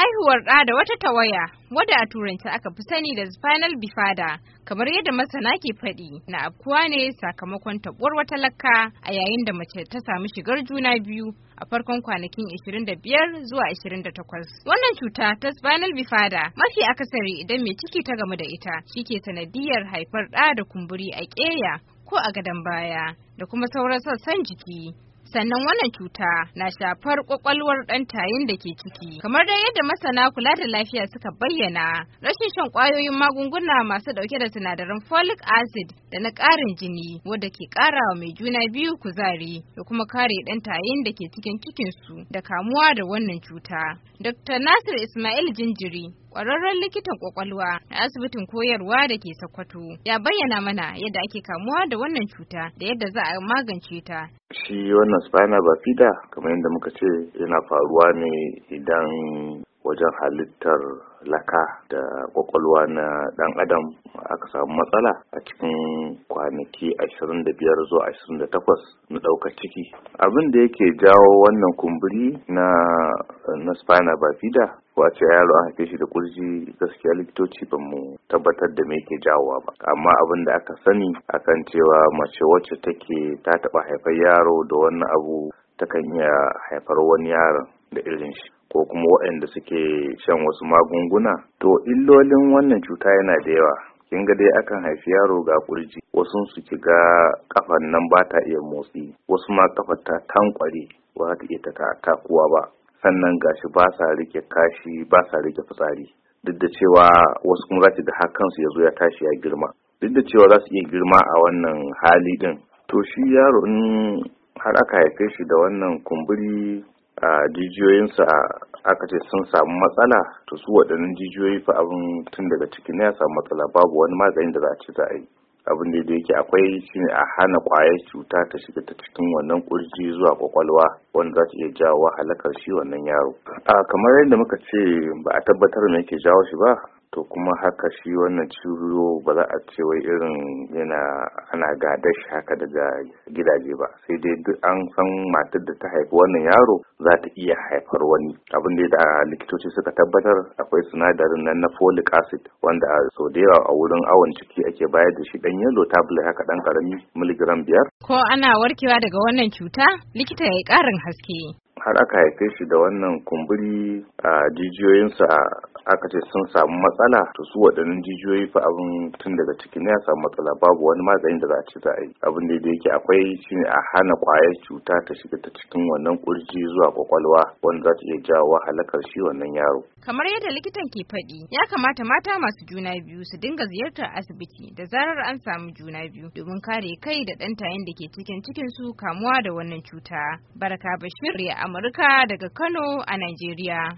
Haihuwar ɗa da wata tawaya wadda a turanci aka fi sani da spinal bifada kamar yadda masana ke faɗi na afkuwa ne sakamakon taɓuwar wata lakka a yayin da mace ta samu shigar juna biyu a farkon kwanakin 25 zuwa 28. Wannan cuta ta spinal bifada mafi akasari idan mai ciki ta gamu da ita shi ke sanadiyar haifar ɗa da kumburi a ƙeya ko a gadon baya da kuma sauran sassan jiki sannan wannan cuta na shafar kwakwalwar ɗan tayin da ke ciki kamar dai yadda masana kula da lafiya suka bayyana rashin shan kwayoyin magunguna masu ɗauke da sinadaran folic acid da na ƙarin jini wadda ke ƙara wa mai juna biyu kuzari da kuma kare ɗan tayin da ke cikin cikin su da kamuwa da wannan cuta dr nasir ismail jinjiri kwararren likitan kwakwalwa na asibitin koyarwa da ke Sokoto ya bayyana mana yadda ake kamuwa da wannan cuta da yadda za a magance ta. Shi wannan spina bifida kamar yadda muka ce yana faruwa ne idan wajen halittar laka da kwakwalwa na dan adam aka samu matsala a cikin kwanaki 25 zuwa 28 na ɗaukar ciki abin da yake jawo wannan kumburi na na spina bifida wace yaro an haife shi da kurji gaskiya likitoci ba mu tabbatar da me yake jawowa ba amma abin da aka sani akan cewa mace wacce take ta taba haifar yaro da wannan abu takan iya haifar wani yaron da irin shi ko kuma waɗanda suke shan wasu magunguna to illolin wannan cuta yana da yawa kin ga dai akan haifi yaro ga ƙurji? wasu su ki ga kafan nan ba ta iya motsi wasu ma kafar ta tankware ba ta iya ta takuwa ba sannan gashi ba sa rike kashi ba sa rike fitsari duk da cewa wasu kuma za ki ga har kansu yazo ya tashi ya girma duk da cewa za su iya girma a wannan hali din to shi yaro in har aka haife shi da wannan kumburi jijiyoyinsa aka ce sun samu matsala to su waɗannan jijiyoyi fa abin tun daga ciki ne ya samu matsala babu wani maganin da za a ci za a yi abin da da yake akwai shine a hana kwayar cuta ta shiga ta cikin wannan kurji zuwa kwakwalwa wanda za ta iya jawo halakar shi wannan yaro a kamar yadda muka ce ba a tabbatar me yake jawo shi ba to kuma haka shi wannan ciwo ba za a ce wai irin yana ana gada shi haka daga gidaje ba sai dai duk an san matar da ta haifi wannan yaro za ta iya haifar wani abin da likitoci suka tabbatar akwai sinadarin nan na folic acid wanda a sau da yawa a wurin awon ciki ake bayar da shi dan yellow tablet haka dan karami miligram biyar ko ana warkewa daga wannan cuta likita ya yi karin haske har aka haife shi da wannan kumburi a jijiyoyinsa aka ce sun samu matsala to su waɗannan jijiyoyi fa abin tun daga ciki ne ya samu matsala babu wani magani da za a ce za a yi abin da yake akwai shine a hana ƙwayar cuta ta shiga ta cikin wannan kurji zuwa kwakwalwa wanda za ta iya jawo halakar shi wannan yaro kamar yadda likitan ke faɗi ya kamata mata masu juna biyu su dinga ziyartar asibiti da zarar an samu juna biyu domin kare kai da ɗan tayin da ke cikin cikin su kamuwa da wannan cuta baraka bashir ya amurka daga kano a najeriya